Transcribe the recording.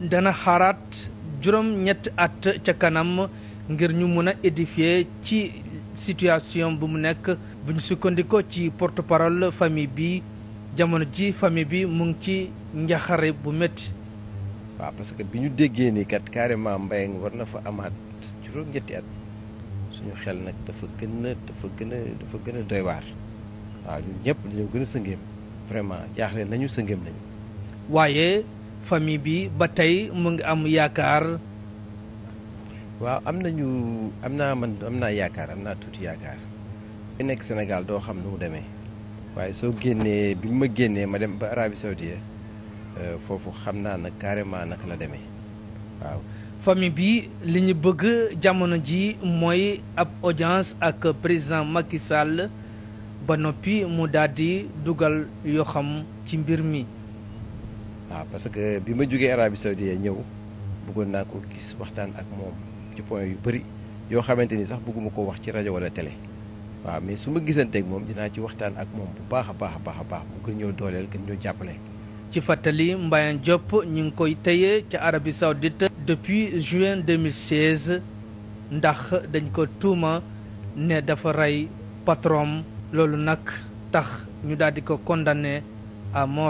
dana xaaraat juróom-ñetti at ca kanam ngir ñu mun a édifier ci situation bu mu nekk bu ñu sukkandikoo ci porte parole famille bi jamono ji famille bi mu ngi ci njaxare bu métti. waa parce que bi ñu déggee ni kat carrément mbay nga war na fa amaat juróom-ñetti at suñu xel nag dafa gën a dafa gën a dafa gën a doy waar waaw ñun ñëpp dañoo gën a sëngéem vraiment jaaxle nañu sëngéem nañu. waaye. famille bi ba tey mu ngi am yaakaar. waaw am nañu am naa man am naa yaakaar am naa tuuti yaakaar. bi nekk Sénégal doo xam nu demee waaye soo génnee bi ma génnee ma dem ba Arabie Saoudite euh, foofu xam naa nag carrément naka la demee waaw. famille bi li ñu bëgg jamono ji mooy ab audience ak président Macky Sall ba noppi mu daal di dugal yoo xam ci mbir mi. waaw parce que bi ma jógee Arabie Saoudite ñëw bëggoon naa ko gis waxtaan ak moom ci point yu bëri yoo xamante ni sax bëgguma ko wax ci rajo wala tele waaw mais su ma gisanteeg moom dinaa ci waxtaan ak moom bu baax a baax a baax a baax mu gën ñoo dooleel gën ñoo jàppale. ci fàttali Mbayang Diop ñu ngi koy téye ca Arabie Saoudite depuis juin 2016 ndax dañ ko tuuma ne dafa rey patron loolu nag tax ñu daal di ko condamné à mort.